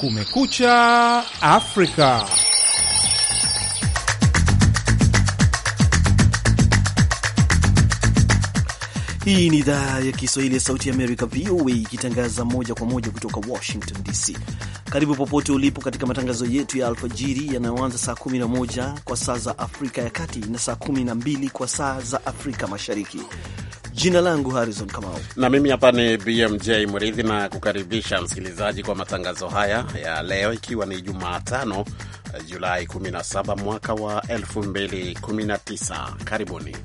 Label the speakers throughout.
Speaker 1: Kumekucha Afrika.
Speaker 2: Hii ni idhaa ya Kiswahili ya Sauti ya Amerika, VOA, ikitangaza moja kwa moja kutoka Washington DC. Karibu popote ulipo katika matangazo yetu ya alfajiri yanayoanza saa 11 kwa saa za Afrika ya Kati na saa 12 kwa saa za Afrika Mashariki Jina langu Harrison Kamau
Speaker 1: na mimi hapa ni BMJ mridhi na kukaribisha msikilizaji kwa matangazo haya ya leo, ikiwa ni Jumatano eh, Julai 17 mwaka wa 2019. Karibuni.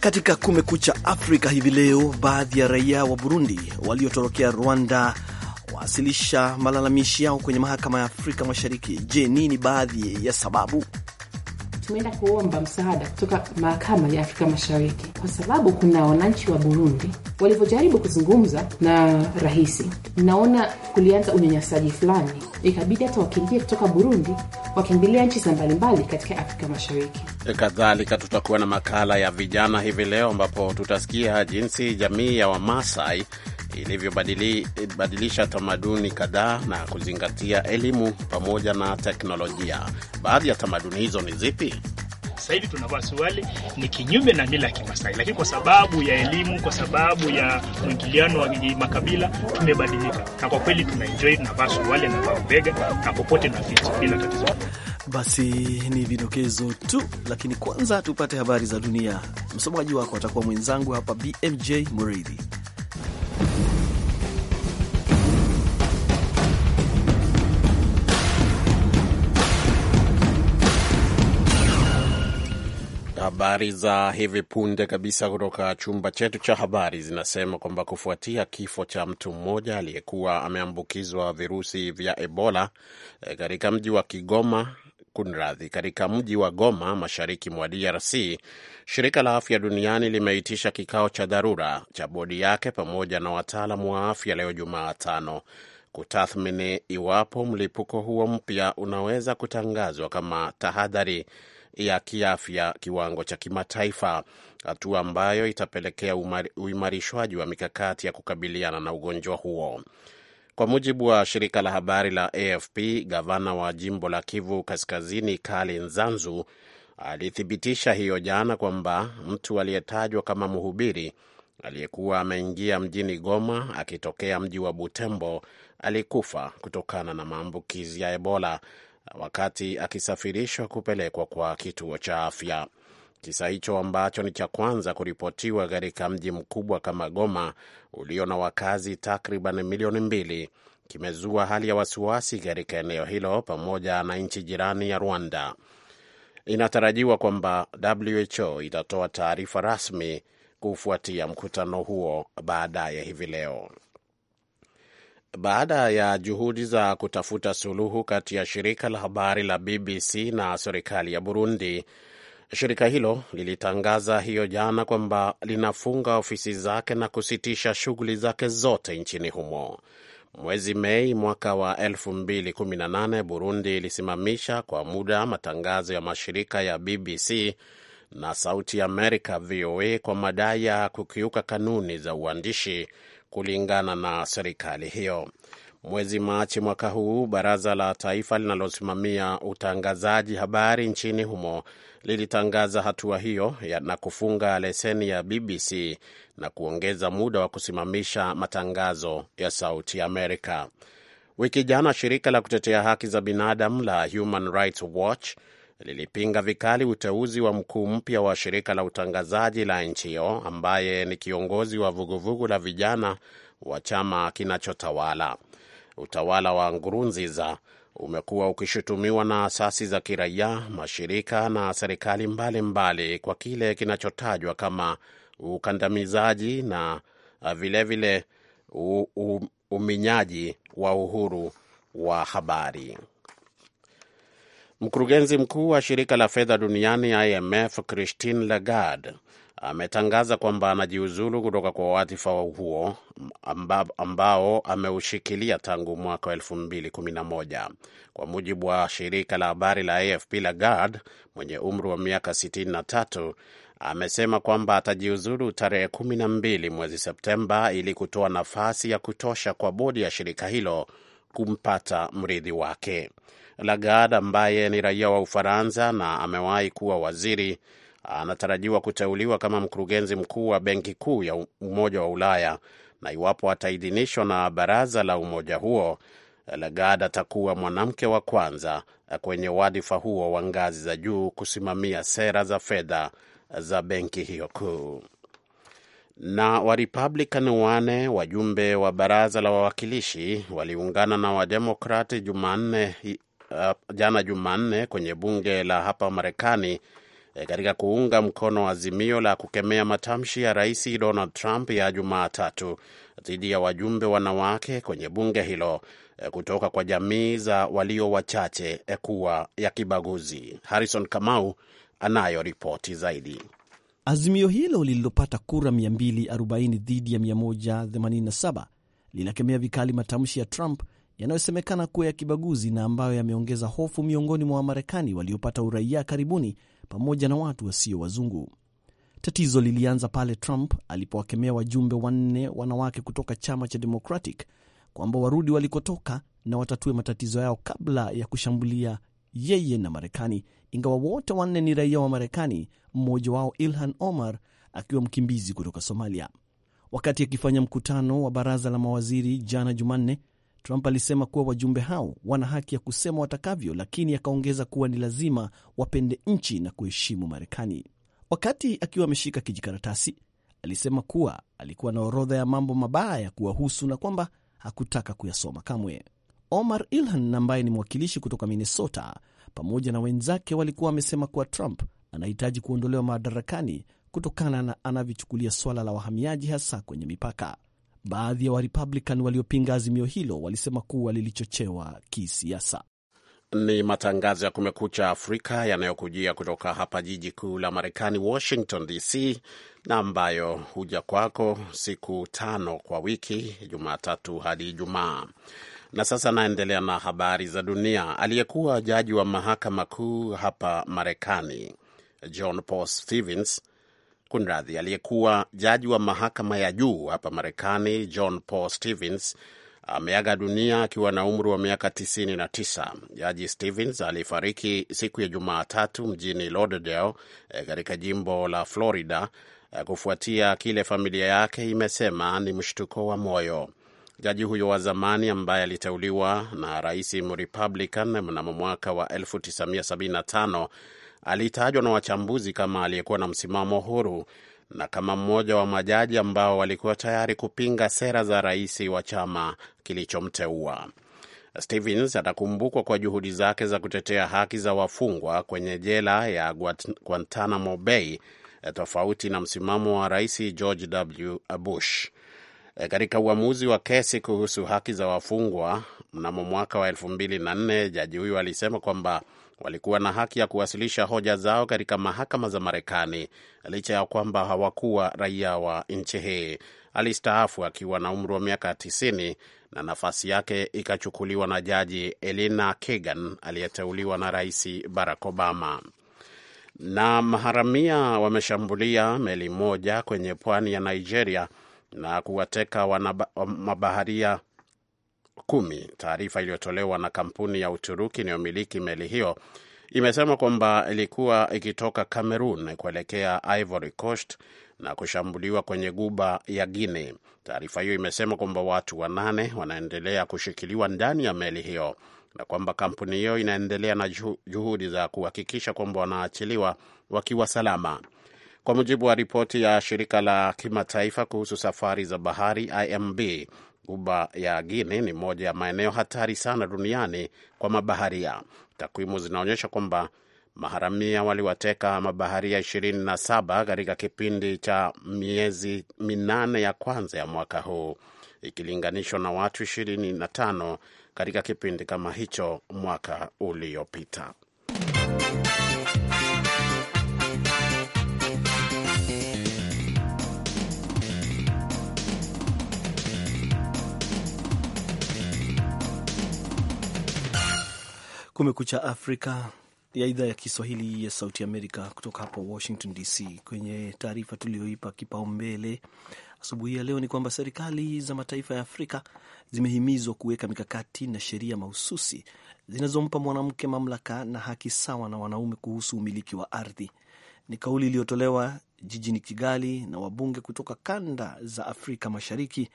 Speaker 2: Katika Kumekucha Afrika hivi leo, baadhi ya raia wa Burundi waliotorokea Rwanda wawasilisha malalamishi yao kwenye mahakama ya Afrika Mashariki. Je, nini baadhi ya sababu?
Speaker 3: tumeenda kuomba msaada kutoka mahakama ya Afrika Mashariki kwa sababu kuna wananchi wa Burundi walivyojaribu kuzungumza na rais, naona kulianza unyanyasaji fulani, ikabidi hata wakimbie kutoka Burundi wakimbilia nchi za mbalimbali katika Afrika Mashariki.
Speaker 1: E, kadhalika, tutakuwa na makala ya vijana hivi leo ambapo tutasikia jinsi jamii ya Wamasai ilivyobadilisha tamaduni kadhaa na kuzingatia elimu pamoja na teknolojia. Baadhi ya tamaduni hizo ni zipi?
Speaker 4: Sasa hivi tunavaa suruali, ni kinyume na mila ya Kimasai, lakini kwa sababu ya elimu, kwa sababu ya mwingiliano wa makabila tumebadilika, na kwa kweli tunaenjoy, tunavaa suruali, navaa ubega na popote na fiti bila tatizo.
Speaker 2: Basi ni vidokezo tu, lakini kwanza tupate habari za dunia. Msomaji wako atakuwa mwenzangu hapa BMJ Muridhi.
Speaker 1: Habari za hivi punde kabisa kutoka chumba chetu cha habari zinasema kwamba kufuatia kifo cha mtu mmoja aliyekuwa ameambukizwa virusi vya Ebola eh, katika mji wa Kigoma kunradhi, katika mji wa Goma mashariki mwa DRC, shirika la afya duniani limeitisha kikao cha dharura cha bodi yake pamoja na wataalamu wa afya leo Jumatano kutathmini iwapo mlipuko huo mpya unaweza kutangazwa kama tahadhari ya kiafya kiwango cha kimataifa, hatua ambayo itapelekea uimarishwaji wa mikakati ya kukabiliana na ugonjwa huo. Kwa mujibu wa shirika la habari la AFP, gavana wa jimbo la Kivu Kaskazini Kali Nzanzu alithibitisha hiyo jana kwamba mtu aliyetajwa kama mhubiri aliyekuwa ameingia mjini Goma akitokea mji wa Butembo alikufa kutokana na maambukizi ya Ebola wakati akisafirishwa kupelekwa kwa kituo cha afya. Kisa hicho ambacho ni cha kwanza kuripotiwa katika mji mkubwa kama Goma ulio na wakazi takriban milioni mbili kimezua hali ya wasiwasi katika eneo hilo pamoja na nchi jirani ya Rwanda. Inatarajiwa kwamba WHO itatoa taarifa rasmi kufuatia mkutano huo baadaye hivi leo. Baada ya juhudi za kutafuta suluhu kati ya shirika la habari la BBC na serikali ya Burundi, Shirika hilo lilitangaza hiyo jana kwamba linafunga ofisi zake na kusitisha shughuli zake zote nchini humo. Mwezi Mei mwaka wa 2018 Burundi ilisimamisha kwa muda matangazo ya mashirika ya BBC na Sauti ya Amerika VOA kwa madai ya kukiuka kanuni za uandishi, kulingana na serikali hiyo. Mwezi Machi mwaka huu, baraza la taifa linalosimamia utangazaji habari nchini humo lilitangaza hatua hiyo na kufunga leseni ya BBC na kuongeza muda wa kusimamisha matangazo ya Sauti Amerika. Wiki jana shirika la kutetea haki za binadamu la Human Rights Watch lilipinga vikali uteuzi wa mkuu mpya wa shirika la utangazaji la nchi hiyo ambaye ni kiongozi wa vuguvugu la vijana wa chama kinachotawala utawala wa ngurunziza umekuwa ukishutumiwa na asasi za kiraia, mashirika na serikali mbalimbali mbali kwa kile kinachotajwa kama ukandamizaji na vilevile uh, vile uminyaji wa uhuru wa habari. Mkurugenzi mkuu wa shirika la fedha duniani IMF Christine Lagarde ametangaza kwamba anajiuzulu kutoka kwa wadhifa huo ambao ameushikilia tangu mwaka wa moja. Kwa mujibu wa shirika la habari la AFP, Lagarde mwenye umri wa miaka 63 amesema kwamba atajiuzulu tarehe mbili mwezi Septemba ili kutoa nafasi ya kutosha kwa bodi ya shirika hilo kumpata mrithi wake. Lagarde ambaye ni raia wa Ufaransa na amewahi kuwa waziri anatarajiwa kuteuliwa kama mkurugenzi mkuu wa Benki Kuu ya Umoja wa Ulaya, na iwapo ataidhinishwa na baraza la umoja huo, Lagarde atakuwa mwanamke wa kwanza kwenye wadhifa huo wa ngazi za juu kusimamia sera za fedha za benki hiyo kuu. Na Warepublican wane wajumbe wa baraza la wawakilishi waliungana na Wademokrati Jumanne, uh, jana Jumanne kwenye bunge la hapa Marekani E, katika kuunga mkono azimio la kukemea matamshi ya Rais Donald Trump ya Jumatatu dhidi ya wajumbe wanawake kwenye bunge hilo e, kutoka kwa jamii za walio wachache e, kuwa ya kibaguzi. Harrison Kamau anayo ripoti zaidi.
Speaker 2: Azimio hilo lililopata kura 240 dhidi ya 187 linakemea vikali matamshi ya Trump yanayosemekana kuwa ya kibaguzi na ambayo yameongeza hofu miongoni mwa Wamarekani waliopata uraia karibuni pamoja na watu wasio wazungu. Tatizo lilianza pale Trump alipowakemea wajumbe wanne wanawake kutoka chama cha Democratic kwamba warudi walikotoka na watatue matatizo yao kabla ya kushambulia yeye na Marekani, ingawa wote wanne ni raia wa Marekani, mmoja wao Ilhan Omar akiwa mkimbizi kutoka Somalia. Wakati akifanya mkutano wa baraza la mawaziri jana Jumanne, Trump alisema kuwa wajumbe hao wana haki ya kusema watakavyo, lakini akaongeza kuwa ni lazima wapende nchi na kuheshimu Marekani. Wakati akiwa ameshika kijikaratasi, alisema kuwa alikuwa na orodha ya mambo mabaya ya kuwahusu na kwamba hakutaka kuyasoma kamwe. Omar Ilhan ambaye ni mwakilishi kutoka Minnesota pamoja na wenzake walikuwa wamesema kuwa Trump anahitaji kuondolewa madarakani kutokana na anavyochukulia suala la wahamiaji hasa kwenye mipaka. Baadhi ya Warepublican waliopinga azimio hilo walisema kuwa lilichochewa
Speaker 1: kisiasa. Ni matangazo ya Kumekucha Afrika yanayokujia kutoka hapa jiji kuu la Marekani, Washington DC, na ambayo huja kwako siku tano kwa wiki, Jumatatu hadi Ijumaa. Na sasa naendelea na habari za dunia. Aliyekuwa jaji wa mahakama kuu hapa Marekani John Paul Stevens Kunradhi, aliyekuwa jaji wa mahakama ya juu hapa Marekani John Paul Stevens ameaga dunia akiwa na umri wa miaka 99. Jaji Stevens alifariki siku ya Jumatatu mjini Lauderdale eh, katika jimbo la Florida eh, kufuatia kile familia yake imesema ni mshtuko wa moyo. Jaji huyo wa zamani ambaye aliteuliwa na rais Mrepublican mnamo mwaka wa alitajwa na wachambuzi kama aliyekuwa na msimamo huru na kama mmoja wa majaji ambao walikuwa tayari kupinga sera za rais wa chama kilichomteua. Stevens atakumbukwa kwa juhudi zake za kutetea haki za wafungwa kwenye jela ya Guantanamo Bay, tofauti na msimamo wa rais George W. Bush. E, katika uamuzi wa kesi kuhusu haki za wafungwa mnamo mwaka wa 24 jaji huyo alisema kwamba walikuwa na haki ya kuwasilisha hoja zao katika mahakama za Marekani licha ya kwamba hawakuwa raia wa nchi hii. Alistaafu akiwa na umri wa miaka 90 na nafasi yake ikachukuliwa na jaji Elena Kagan aliyeteuliwa na Rais Barack Obama. Na maharamia wameshambulia meli moja kwenye pwani ya Nigeria na kuwateka mabaharia kumi. Taarifa iliyotolewa na kampuni ya Uturuki inayomiliki meli hiyo imesema kwamba ilikuwa ikitoka Cameroon kuelekea Ivory Coast na kushambuliwa kwenye guba ya Guinea. Taarifa hiyo imesema kwamba watu wanane wanaendelea kushikiliwa ndani ya meli hiyo na kwamba kampuni hiyo inaendelea na juhudi za kuhakikisha kwamba wanaachiliwa wakiwa salama. Kwa mujibu wa ripoti ya shirika la kimataifa kuhusu safari za bahari IMB, guba ya Guinea ni moja ya maeneo hatari sana duniani kwa mabaharia. Takwimu zinaonyesha kwamba maharamia waliwateka mabaharia 27 katika kipindi cha miezi minane ya kwanza ya mwaka huu ikilinganishwa na watu 25 katika kipindi kama hicho mwaka uliopita.
Speaker 2: Kumekucha Afrika ya idhaa ya Kiswahili ya Sauti Amerika kutoka hapa Washington DC. Kwenye taarifa tuliyoipa kipaumbele asubuhi ya leo ni kwamba serikali za mataifa ya Afrika zimehimizwa kuweka mikakati na sheria mahususi zinazompa mwanamke mamlaka na haki sawa na wanaume kuhusu umiliki wa ardhi. Ni kauli iliyotolewa jijini Kigali na wabunge kutoka kanda za Afrika Mashariki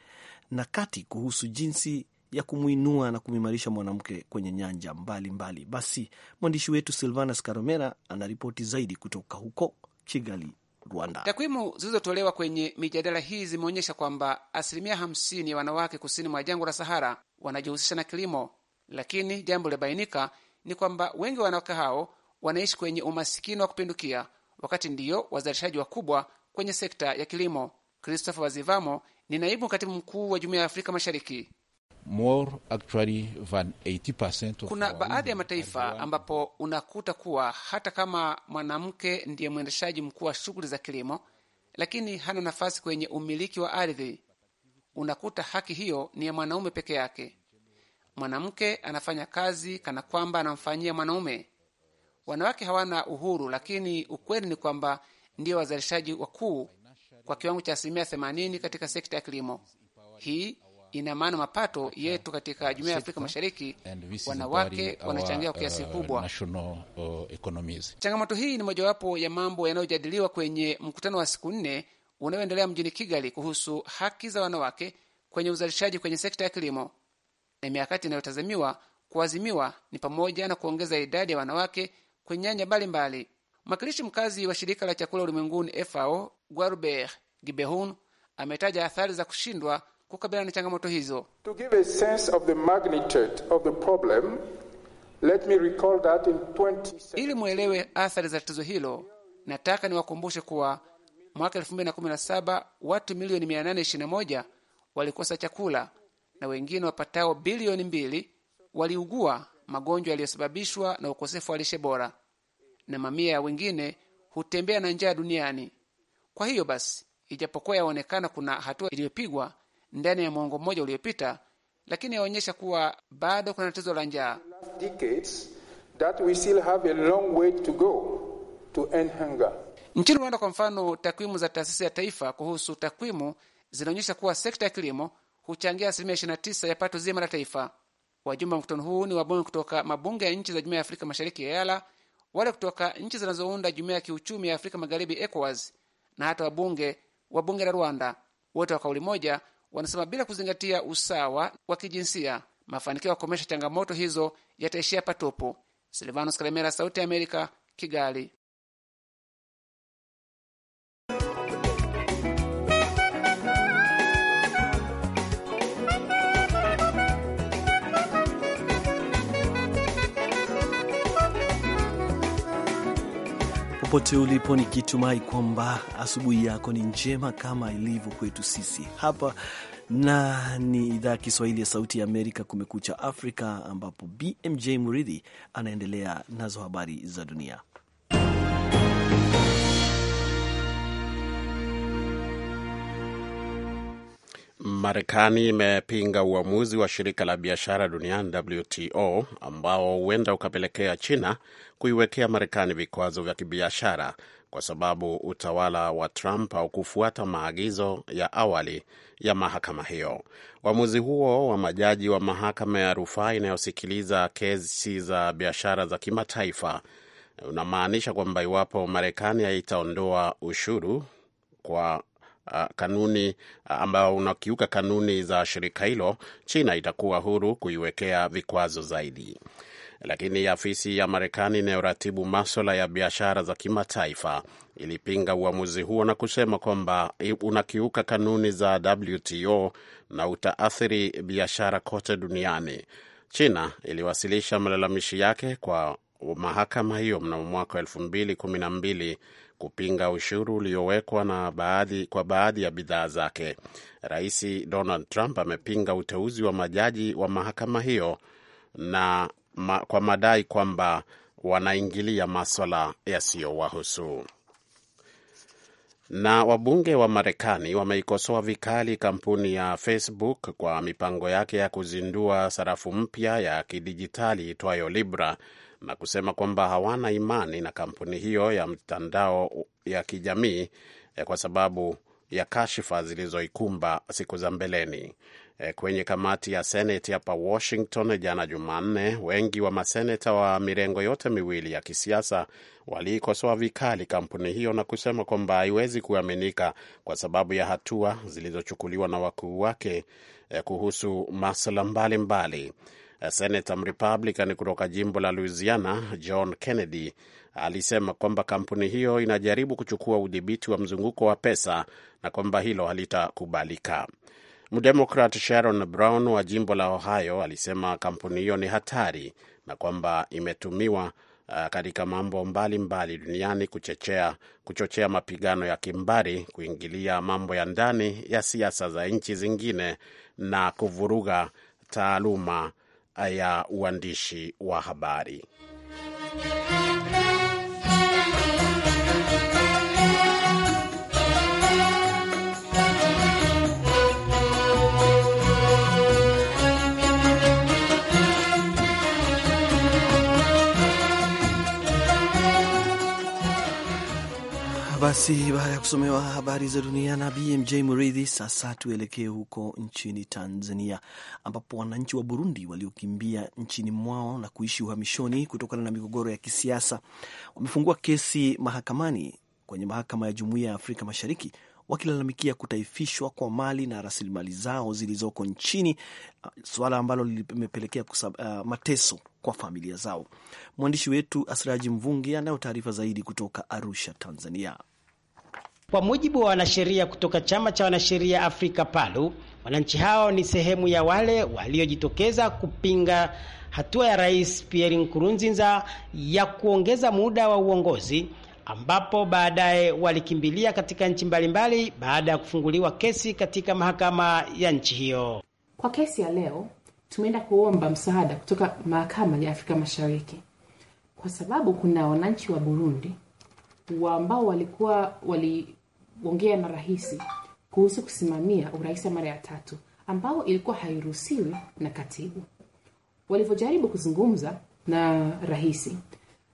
Speaker 2: na Kati kuhusu jinsi ya kumwinua na kumwimarisha mwanamke kwenye nyanja mbalimbali mbali. Basi mwandishi wetu Silvanas Karomera anaripoti zaidi kutoka huko Kigali, Rwanda.
Speaker 5: Takwimu zilizotolewa kwenye mijadala hii zimeonyesha kwamba asilimia hamsini ya wanawake kusini mwa jangwa la Sahara wanajihusisha na kilimo, lakini jambo lilobainika ni kwamba wengi wa wanawake hao wanaishi kwenye umasikini wa kupindukia, wakati ndiyo wazalishaji wakubwa kwenye sekta ya kilimo. Christopher Wazivamo ni naibu katibu mkuu wa Jumuiya ya Afrika Mashariki
Speaker 1: more actually than 80%. Kuna baadhi
Speaker 5: ya mataifa ambapo unakuta kuwa hata kama mwanamke ndiye mwendeshaji mkuu wa shughuli za kilimo, lakini hana nafasi kwenye umiliki wa ardhi. Unakuta haki hiyo ni ya mwanaume peke yake. Mwanamke anafanya kazi kana kwamba anamfanyia mwanaume. Wanawake hawana uhuru, lakini ukweli ni kwamba ndiyo wazalishaji wakuu kwa kiwango cha asilimia 80 katika sekta ya kilimo. Hii Ina maana mapato yetu katika jumuiya ya Afrika Mashariki, wanawake wanachangia kwa kiasi uh, kubwa.
Speaker 1: Uh,
Speaker 5: Changamoto hii ni mojawapo ya mambo yanayojadiliwa kwenye mkutano wa siku nne unaoendelea mjini Kigali kuhusu haki za wanawake kwenye uzalishaji kwenye sekta ya kilimo, na miakati inayotazamiwa kuazimiwa ni pamoja na kuongeza idadi ya wanawake kwenye nyanja mbalimbali. Mwakilishi mkazi wa shirika la chakula ulimwenguni FAO Gualbert Gibehun ametaja athari za kushindwa kukabiliana na changamoto hizo. To
Speaker 1: give a sense of the magnitude of the problem,
Speaker 5: let me recall that in 20... ili mwelewe athari za tatizo hilo, nataka niwakumbushe kuwa mwaka 2017 watu milioni 821 walikosa chakula na wengine wapatao bilioni mbili waliugua magonjwa yaliyosababishwa na ukosefu wa lishe bora, na mamia ya wengine hutembea na njaa duniani. Kwa hiyo basi, ijapokuwa yaonekana kuna hatua iliyopigwa ndani ya mwongo mmoja uliopita, lakini yaonyesha kuwa bado kuna tatizo la njaa. Nchini Rwanda kwa mfano, takwimu za taasisi ya taifa kuhusu takwimu zinaonyesha kuwa sekta ya kilimo huchangia asilimia 29 ya pato zima la taifa. Wajumbe wa mkutano huu ni wabunge kutoka mabunge ya nchi za Jumuiya ya Afrika Mashariki ya EALA, wale kutoka nchi zinazounda Jumuiya ya Kiuchumi ya Afrika Magharibi ECOWAS, na hata wabunge wa bunge la Rwanda, wote wa kauli moja Wanasema bila kuzingatia usawa wa kijinsia, mafanikio ya kukomesha changamoto hizo yataishia patupu. Silvanos Karemera, Sauti ya Amerika, Kigali.
Speaker 2: popote ulipo, nikitumai kwamba asubuhi yako ni njema kama ilivyo kwetu sisi hapa, na ni idhaa ya Kiswahili ya Sauti ya Amerika, Kumekucha Afrika, ambapo BMJ Muridhi anaendelea nazo habari za dunia.
Speaker 1: Marekani imepinga uamuzi wa shirika la biashara duniani WTO ambao huenda ukapelekea China kuiwekea Marekani vikwazo vya kibiashara kwa sababu utawala wa Trump haukufuata maagizo ya awali ya mahakama hiyo. Uamuzi huo wa majaji wa mahakama ya rufaa inayosikiliza kesi za biashara za kimataifa unamaanisha kwamba iwapo Marekani haitaondoa ushuru kwa uh, kanuni uh, ambao unakiuka kanuni za shirika hilo, China itakuwa huru kuiwekea vikwazo zaidi. Lakini afisi ya Marekani inayoratibu maswala ya biashara za kimataifa ilipinga uamuzi huo na kusema kwamba unakiuka kanuni za WTO na utaathiri biashara kote duniani. China iliwasilisha malalamishi yake kwa mahakama hiyo mnamo mwaka elfu mbili kumi na mbili kupinga ushuru uliowekwa na baadhi, kwa baadhi ya bidhaa zake. Rais Donald Trump amepinga uteuzi wa majaji wa mahakama hiyo na ma, kwa madai kwamba wanaingilia maswala yasiyowahusu. Na wabunge wa Marekani wameikosoa vikali kampuni ya Facebook kwa mipango yake ya kuzindua sarafu mpya ya kidijitali itwayo Libra na kusema kwamba hawana imani na kampuni hiyo ya mtandao ya kijamii eh, kwa sababu ya kashifa zilizoikumba siku za mbeleni. Eh, kwenye kamati ya Seneti hapa Washington jana Jumanne, wengi wa maseneta wa mirengo yote miwili ya kisiasa waliikosoa vikali kampuni hiyo na kusema kwamba haiwezi kuaminika kwa sababu ya hatua zilizochukuliwa na wakuu wake eh, kuhusu masuala mbalimbali. Eh, Senata Mrepublican kutoka jimbo la Louisiana, John Kennedy alisema kwamba kampuni hiyo inajaribu kuchukua udhibiti wa mzunguko wa pesa na kwamba hilo halitakubalika. Mdemokrat Sharon Brown wa jimbo la Ohio alisema kampuni hiyo ni hatari na kwamba imetumiwa uh, katika mambo mbalimbali mbali duniani kuchechea, kuchochea mapigano ya kimbari, kuingilia mambo ya ndani ya siasa za nchi zingine na kuvuruga taaluma ya uandishi wa habari.
Speaker 2: Basi baada ya kusomewa habari za dunia na BMJ Muridhi, sasa tuelekee huko nchini Tanzania, ambapo wananchi wa Burundi waliokimbia nchini mwao na kuishi uhamishoni kutokana na migogoro ya kisiasa wamefungua kesi mahakamani kwenye mahakama ya Jumuiya ya Afrika Mashariki wakilalamikia kutaifishwa kwa mali na rasilimali zao zilizoko nchini, suala ambalo limepelekea uh, mateso kwa familia zao. Mwandishi wetu Asraji Mvungi anayo taarifa zaidi kutoka Arusha, Tanzania.
Speaker 6: Kwa mujibu wa wanasheria kutoka chama cha wanasheria Afrika PALU, wananchi hao ni sehemu ya wale waliojitokeza kupinga hatua ya Rais Pierre Nkurunziza ya kuongeza muda wa uongozi ambapo baadaye walikimbilia katika nchi mbalimbali baada ya kufunguliwa kesi katika mahakama ya nchi hiyo.
Speaker 3: Kwa kesi ya leo tumeenda kuomba msaada kutoka mahakama ya Afrika Mashariki kwa sababu kuna wananchi wa Burundi ambao walikuwa wali kuongea na rais kuhusu kusimamia urais wa mara ya tatu ambao ilikuwa hairuhusiwi na katibu. Walivyojaribu kuzungumza na rais,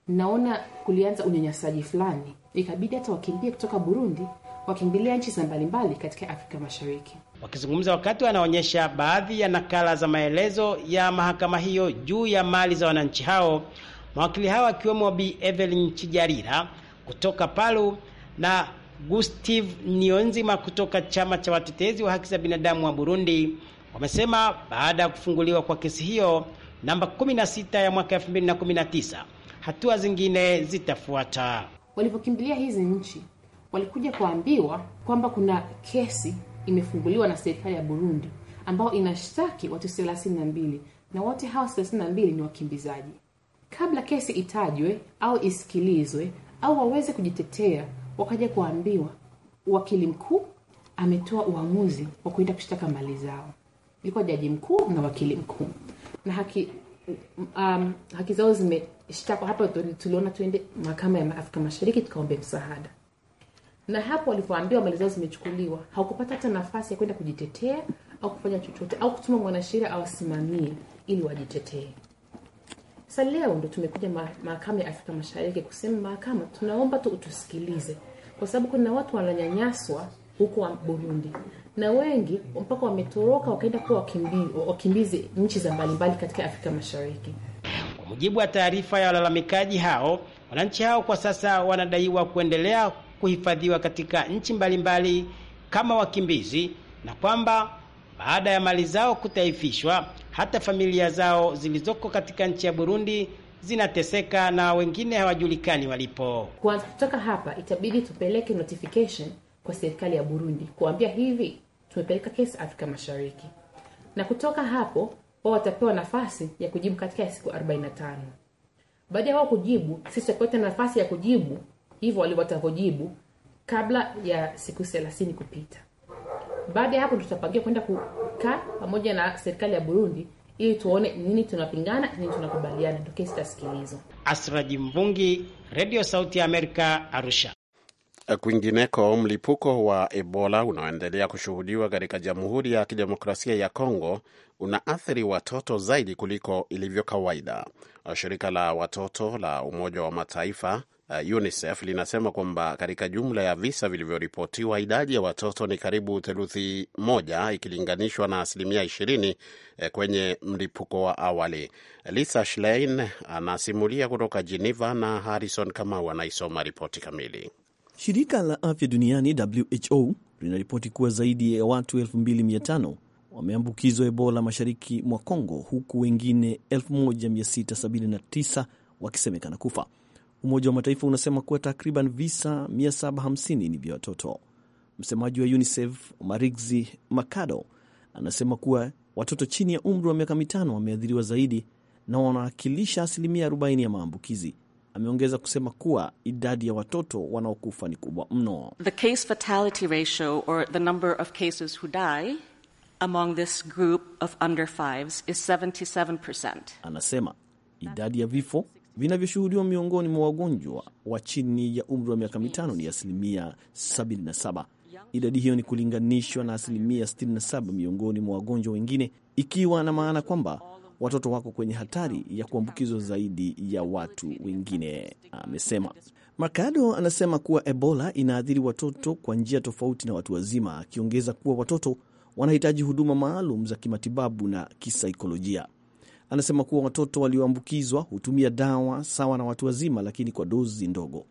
Speaker 3: naona kulianza unyanyasaji fulani, ikabidi hata wakimbie kutoka Burundi wakimbilia nchi za mbalimbali katika Afrika Mashariki.
Speaker 6: Wakizungumza wakati wanaonyesha baadhi ya nakala za maelezo ya mahakama hiyo juu ya mali za wananchi hao, mawakili hao akiwemo Bi Evelyn Chijarira kutoka Palu na Gustave nionzima kutoka chama cha watetezi wa haki za binadamu wa Burundi wamesema baada ya kufunguliwa kwa kesi hiyo namba 16 ya mwaka 2019 hatua zingine zitafuata.
Speaker 3: Walivyokimbilia hizi nchi walikuja kuambiwa kwamba kuna kesi imefunguliwa na serikali ya Burundi ambayo inashtaki watu 32 na wote hao 32 ni wakimbizaji. Kabla kesi itajwe au isikilizwe au waweze kujitetea wakaja kuambiwa wakili mkuu ametoa uamuzi wa kuenda kushtaka mali zao. Ilikuwa jaji mkuu na wakili mkuu na haki, um, haki zao zimeshtakwa. Hapa tuliona tuende mahakama ya Afrika Mashariki tukaombe msaada, na hapo walipoambiwa mali zao zimechukuliwa, hawakupata hata nafasi ya kwenda kujitetea au kufanya chochote au kutuma mwanasheria awasimamie ili wajitetee. Sasa leo ndo tumekuja mahakama ya Afrika Mashariki kusema, mahakama, tunaomba tu utusikilize, kwa sababu kuna watu wananyanyaswa huko wa Burundi na wengi mpaka wametoroka wakaenda kuwa wakimbizi, wakimbizi nchi za mbalimbali katika Afrika Mashariki.
Speaker 6: Kwa mujibu wa taarifa ya walalamikaji hao, wananchi hao kwa sasa wanadaiwa kuendelea kuhifadhiwa katika nchi mbalimbali kama wakimbizi na kwamba baada ya mali zao kutaifishwa hata familia zao zilizoko katika nchi ya Burundi zinateseka na wengine hawajulikani walipo.
Speaker 3: Kwa kutoka hapa, itabidi tupeleke notification kwa serikali ya Burundi kuambia hivi tumepeleka kesi Afrika Mashariki, na kutoka hapo wao watapewa nafasi ya kujibu katika siku 45. Baada ya wao kujibu, sisi tutapata nafasi ya kujibu hivyo watavyojibu kabla ya siku 30 kupita. Baada ya hapo tutapangia kwenda kukaa pamoja na serikali ya Burundi ili tuone nini tunapingana, nini tunakubaliana, ndio kesi tasikilizo.
Speaker 6: Asraji Mvungi, Radio Sauti ya Amerika, Arusha.
Speaker 1: Eh, kwingineko, mlipuko wa Ebola unaoendelea kushuhudiwa katika Jamhuri ya Kidemokrasia ya Kongo unaathiri watoto zaidi kuliko ilivyo kawaida. Shirika la watoto la Umoja wa Mataifa Uh, UNICEF linasema kwamba katika jumla ya visa vilivyoripotiwa idadi ya watoto ni karibu theluthi moja ikilinganishwa na asilimia ishirini eh, kwenye mlipuko wa awali. Lisa Schlein anasimulia kutoka Geneva na Harrison Kamau anaisoma ripoti kamili.
Speaker 2: Shirika la afya duniani WHO linaripoti kuwa zaidi ya watu 2500 wameambukizwa Ebola mashariki mwa congo huku wengine 1679 wakisemekana kufa. Umoja wa Mataifa unasema kuwa takriban visa 750 ni vya watoto. Msemaji wa UNICEF Marigzi Makado anasema kuwa watoto chini ya umri wa miaka mitano wameathiriwa zaidi na wanawakilisha asilimia 40 ya maambukizi. Ameongeza kusema kuwa idadi ya watoto wanaokufa ni kubwa mno.
Speaker 3: The case fatality ratio or the number of cases who die among this group of under fives is 77%.
Speaker 2: Anasema idadi ya vifo vinavyoshuhudiwa miongoni mwa wagonjwa wa chini ya umri wa miaka mitano ni asilimia 77. Idadi hiyo ni kulinganishwa na asilimia 67 miongoni mwa wagonjwa wengine, ikiwa na maana kwamba watoto wako kwenye hatari ya kuambukizwa zaidi ya watu wengine, amesema. makado anasema kuwa Ebola inaathiri watoto kwa njia tofauti na watu wazima, akiongeza kuwa watoto wanahitaji huduma maalum za kimatibabu na kisaikolojia. Anasema kuwa watoto walioambukizwa hutumia dawa sawa na watu wazima, lakini kwa dozi ndogo.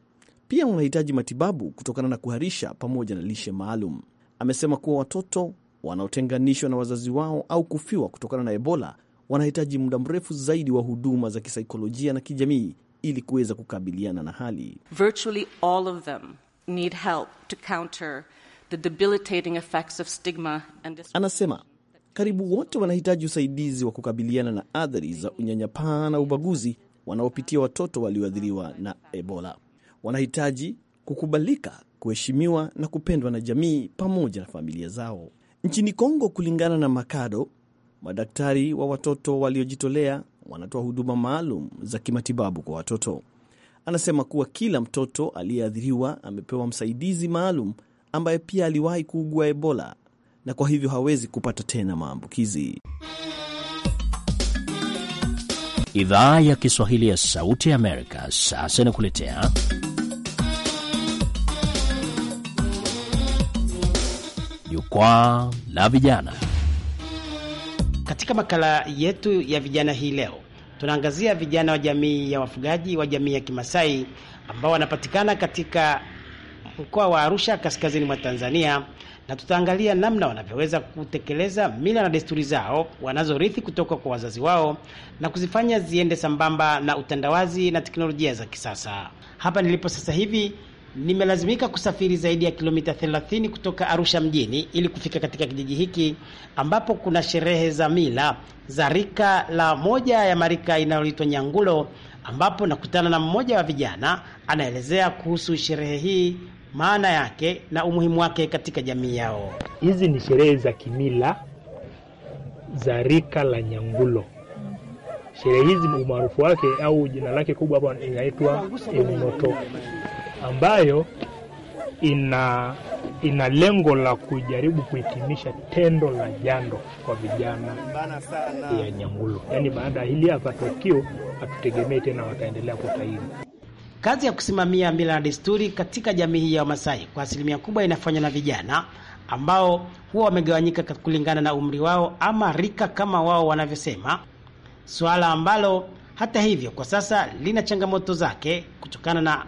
Speaker 2: Pia wanahitaji matibabu kutokana na kuharisha pamoja na lishe maalum. Amesema kuwa watoto wanaotenganishwa na wazazi wao au kufiwa kutokana na Ebola wanahitaji muda mrefu zaidi wa huduma za kisaikolojia na kijamii ili kuweza kukabiliana na hali.
Speaker 3: Virtually all of them need help to counter the debilitating effects of stigma and...
Speaker 2: Anasema karibu wote wanahitaji usaidizi wa kukabiliana na athari za unyanyapaa na ubaguzi wanaopitia watoto walioathiriwa na Ebola. Wanahitaji kukubalika, kuheshimiwa na kupendwa na jamii pamoja na familia zao. Nchini Kongo, kulingana na Makado, madaktari wa watoto waliojitolea wanatoa huduma maalum za kimatibabu kwa watoto. Anasema kuwa kila mtoto aliyeathiriwa amepewa msaidizi maalum ambaye pia aliwahi kuugua Ebola na kwa hivyo hawezi kupata tena maambukizi. Idhaa ya Kiswahili ya Sauti ya Amerika sasa inakuletea
Speaker 6: Jukwaa la Vijana. Katika makala yetu ya vijana hii leo, tunaangazia vijana wa jamii ya wafugaji wa jamii ya Kimasai ambao wanapatikana katika mkoa wa Arusha, kaskazini mwa Tanzania, na tutaangalia namna wanavyoweza kutekeleza mila na desturi zao wanazorithi kutoka kwa wazazi wao na kuzifanya ziende sambamba na utandawazi na teknolojia za kisasa. Hapa nilipo sasa hivi nimelazimika kusafiri zaidi ya kilomita 30 kutoka Arusha mjini ili kufika katika kijiji hiki ambapo kuna sherehe za mila za rika la moja ya marika inayoitwa Nyangulo, ambapo nakutana na mmoja wa vijana anaelezea kuhusu sherehe hii maana yake na umuhimu wake katika jamii yao. Hizi ni sherehe za kimila za rika la Nyangulo. Sherehe hizi umaarufu
Speaker 4: wake au jina lake kubwa hapa inaitwa Eminoto, ambayo ina ina lengo la kujaribu kuhitimisha tendo la jando kwa vijana ya Nyangulo. Yaani, baada ya hili hapa tukio, hatutegemei tena wataendelea kutahiri.
Speaker 6: Kazi ya kusimamia mila na desturi katika jamii hii ya Wamasai kwa asilimia kubwa inafanywa na vijana ambao huwa wamegawanyika kulingana na umri wao ama rika kama wao wanavyosema, suala ambalo hata hivyo kwa sasa lina changamoto zake kutokana na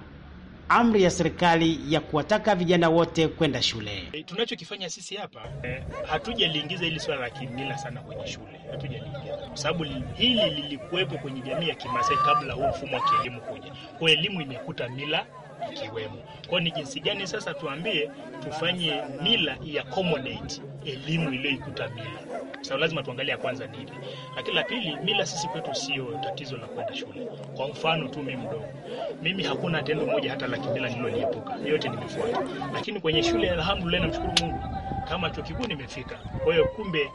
Speaker 6: amri ya serikali ya kuwataka vijana wote kwenda shule. E,
Speaker 4: tunachokifanya sisi hapa e, hatujaliingiza hili swala la kimila sana kwenye shule, hatujaliingiza kwa sababu hili lilikuwepo kwenye jamii ya Kimasai kabla huu mfumo wa kielimu kuja. Kwa elimu imekuta mila ikiwemo. Kwa ni jinsi gani sasa tuambie tufanye mila ya accommodate elimu iliyoikuta mila. Sasa lazima tuangalie kwanza nini. Lakini la pili, mila sisi kwetu sio tatizo la kwenda shule. Kwa mfano tu mimi mdogo. Mimi hakuna tendo moja hata la kimila nililoliepuka. Yote nimefuata. Lakini kwenye shule alhamdulillah namshukuru Mungu kama chuo kikuu nimefika. Kwa hiyo kumbe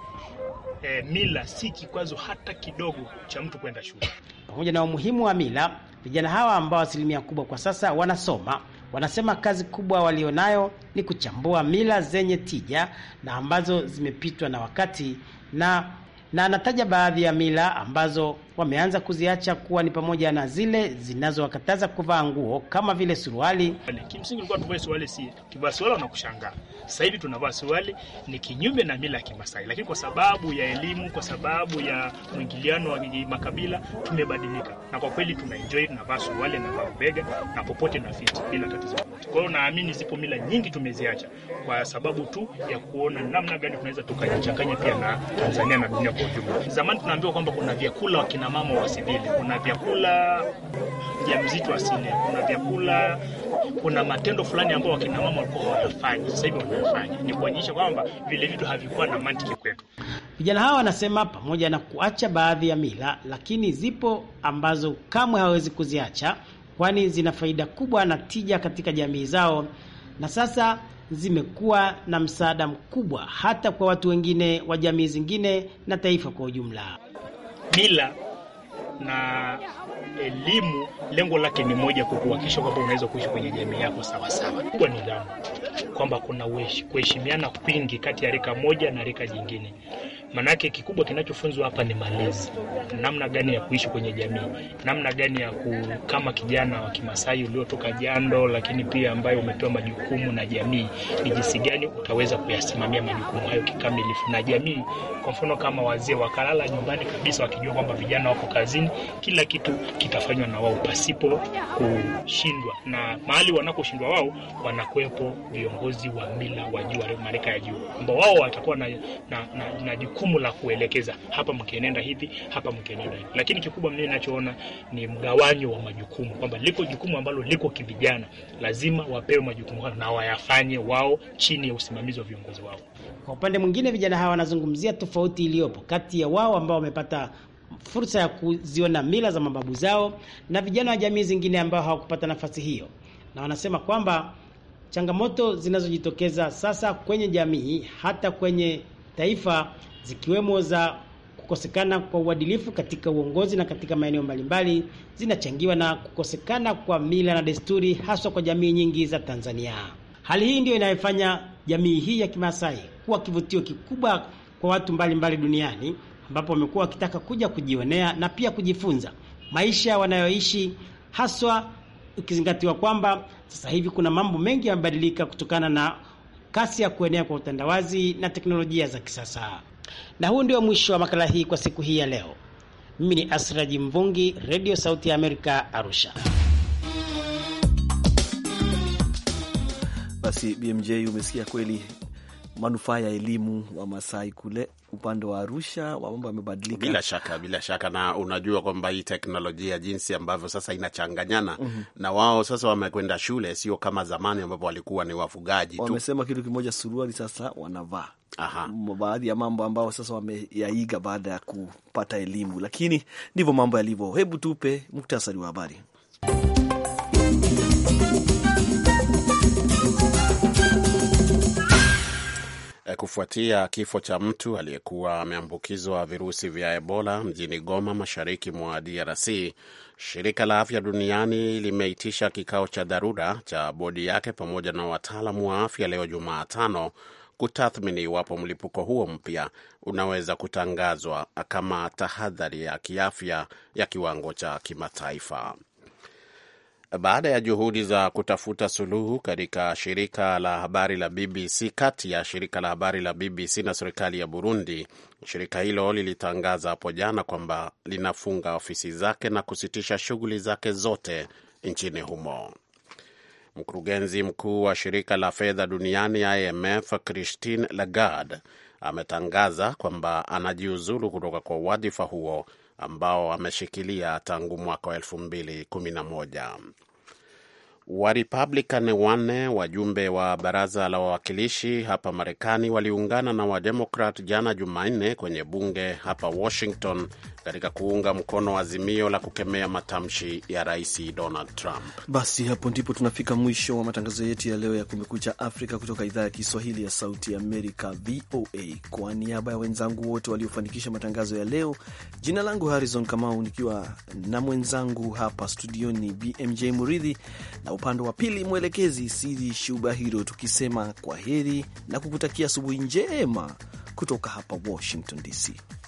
Speaker 4: eh, mila si kikwazo hata kidogo cha mtu kwenda shule.
Speaker 6: Pamoja na umuhimu wa mila Vijana hawa ambao asilimia kubwa kwa sasa wanasoma, wanasema kazi kubwa walionayo ni kuchambua mila zenye tija na ambazo zimepitwa na wakati, na na anataja baadhi ya mila ambazo wameanza kuziacha kuwa ni pamoja na zile zinazowakataza kuvaa nguo kama vile suruali.
Speaker 4: Kimsingi ulikuwa tuvae suruali, si kivaa suruali unakushangaa. Sasa hivi tunavaa suruali, ni kinyume na mila ya Kimasai, lakini kwa sababu ya elimu, kwa sababu ya mwingiliano wa makabila tumebadilika, na kwa kweli tunaenjoy, tunavaa suruali na bega na popote na fiti bila tatizo. Kwa hiyo naamini zipo mila nyingi tumeziacha kwa sababu tu ya kuona namna gani tunaweza tukajichanganya pia na Tanzania na dunia kwa ujumla. Zamani tunaambiwa kwamba kuna vyakula wakina mama wa wasilile. Kuna vyakula vya mzito asile, kuna vyakula, kuna matendo fulani ambayo wakina mama walikuwa wanafanya, sasa hivi wanafanya. Ni kuonyesha kwamba vile vitu havikuwa na mantiki kwetu.
Speaker 6: Vijana hawa wanasema pamoja na kuacha baadhi ya mila, lakini zipo ambazo kamwe hawawezi kuziacha, kwani zina faida kubwa na tija katika jamii zao, na sasa zimekuwa na msaada mkubwa hata kwa watu wengine wa jamii zingine na taifa kwa ujumla.
Speaker 4: Mila na elimu, lengo lake ni moja, kukuhakikisha kwamba unaweza kuishi kwenye jamii yako sawasawa. Kubwa nidhamu, kwamba kuna kuheshimiana kwingi kati ya rika moja na rika jingine. Manake kikubwa kinachofunzwa hapa ni malezi, namna gani ya kuishi kwenye jamii, namna gani ya ku, kama kijana wa Kimasai uliotoka jando, lakini pia ambaye umepewa majukumu na jamii, ni jinsi gani utaweza kuyasimamia majukumu hayo kikamilifu. Na jamii, kwa mfano, kama wazee wakalala nyumbani kabisa, wakijua kwamba vijana wako kazini, kila kitu kitafanywa na wao pasipo kushindwa, na mahali wanakoshindwa wao wanakuwepo viongozi wa mila wa juu, marika ya juu, ambao wao watakuwa na, na, na, na jukumu la kuelekeza hapa mkienenda hivi, hapa mkienenda hivi. Lakini kikubwa mimi ninachoona ni mgawanyo wa majukumu, kwamba liko jukumu ambalo liko kivijana, lazima wapewe majukumu
Speaker 6: hayo na wayafanye wao chini ya usimamizi wa viongozi wao. Kwa upande mwingine, vijana hawa wanazungumzia tofauti iliyopo kati ya wao ambao wamepata fursa ya kuziona mila za mababu zao na vijana wa jamii zingine ambao hawakupata nafasi hiyo, na wanasema kwamba changamoto zinazojitokeza sasa kwenye jamii hata kwenye taifa zikiwemo za kukosekana kwa uadilifu katika uongozi na katika maeneo mbalimbali zinachangiwa na kukosekana kwa mila na desturi haswa kwa jamii nyingi za Tanzania. Hali hii ndiyo inayofanya jamii hii ya Kimasai kuwa kivutio kikubwa kwa watu mbalimbali mbali duniani ambapo wamekuwa wakitaka kuja kujionea na pia kujifunza maisha wanayoishi haswa ukizingatiwa kwamba sasa hivi kuna mambo mengi yamebadilika kutokana na kasi ya kuenea kwa utandawazi na teknolojia za kisasa. Na huu ndio mwisho wa makala hii kwa siku hii ya leo. Mimi ni Asraji Mvungi, Radio Sauti ya Amerika, Arusha.
Speaker 2: Basi BMJ, umesikia kweli manufaa ya elimu wa Masai kule upande wa Arusha wa mambo yamebadilika, bila
Speaker 1: shaka, bila shaka. Na unajua kwamba hii teknolojia jinsi ambavyo sasa inachanganyana mm -hmm. na wao sasa wamekwenda shule, sio kama zamani ambapo walikuwa ni wafugaji tu. Wamesema
Speaker 2: kitu kimoja, suruali sasa wanavaa. Baadhi ya mambo ambayo sasa wameyaiga baada ya kupata elimu, lakini ndivyo mambo yalivyo. Hebu tupe
Speaker 1: muktasari wa habari. kufuatia kifo cha mtu aliyekuwa ameambukizwa virusi vya Ebola mjini Goma, mashariki mwa DRC, shirika la afya duniani limeitisha kikao cha dharura cha bodi yake pamoja na wataalamu wa afya leo Jumatano kutathmini iwapo mlipuko huo mpya unaweza kutangazwa kama tahadhari ya kiafya ya kiwango cha kimataifa. Baada ya juhudi za kutafuta suluhu katika shirika la habari la BBC kati ya shirika la habari la BBC na serikali ya Burundi, shirika hilo lilitangaza hapo jana kwamba linafunga ofisi zake na kusitisha shughuli zake zote nchini humo. Mkurugenzi mkuu wa shirika la fedha duniani IMF, Christine Lagarde ametangaza kwamba anajiuzulu kutoka kwa wadhifa huo ambao ameshikilia tangu mwaka wa moja Warepublican wanne wajumbe wa baraza la wawakilishi hapa Marekani waliungana na Wademokrat jana Jumanne kwenye bunge hapa Washington katika kuunga mkono azimio la kukemea matamshi ya Rais Donald Trump.
Speaker 2: Basi hapo ndipo tunafika mwisho wa matangazo yetu ya leo ya Kumekucha Afrika kutoka idhaa ya Kiswahili ya Sauti Amerika, VOA. Kwa niaba ya wenzangu wote waliofanikisha matangazo ya leo, jina langu Harrison Kamau nikiwa na mwenzangu hapa studioni BMJ Muridhi na upande wa pili mwelekezi Sidi Shubahiro, tukisema kwa heri na kukutakia asubuhi njema kutoka hapa Washington DC.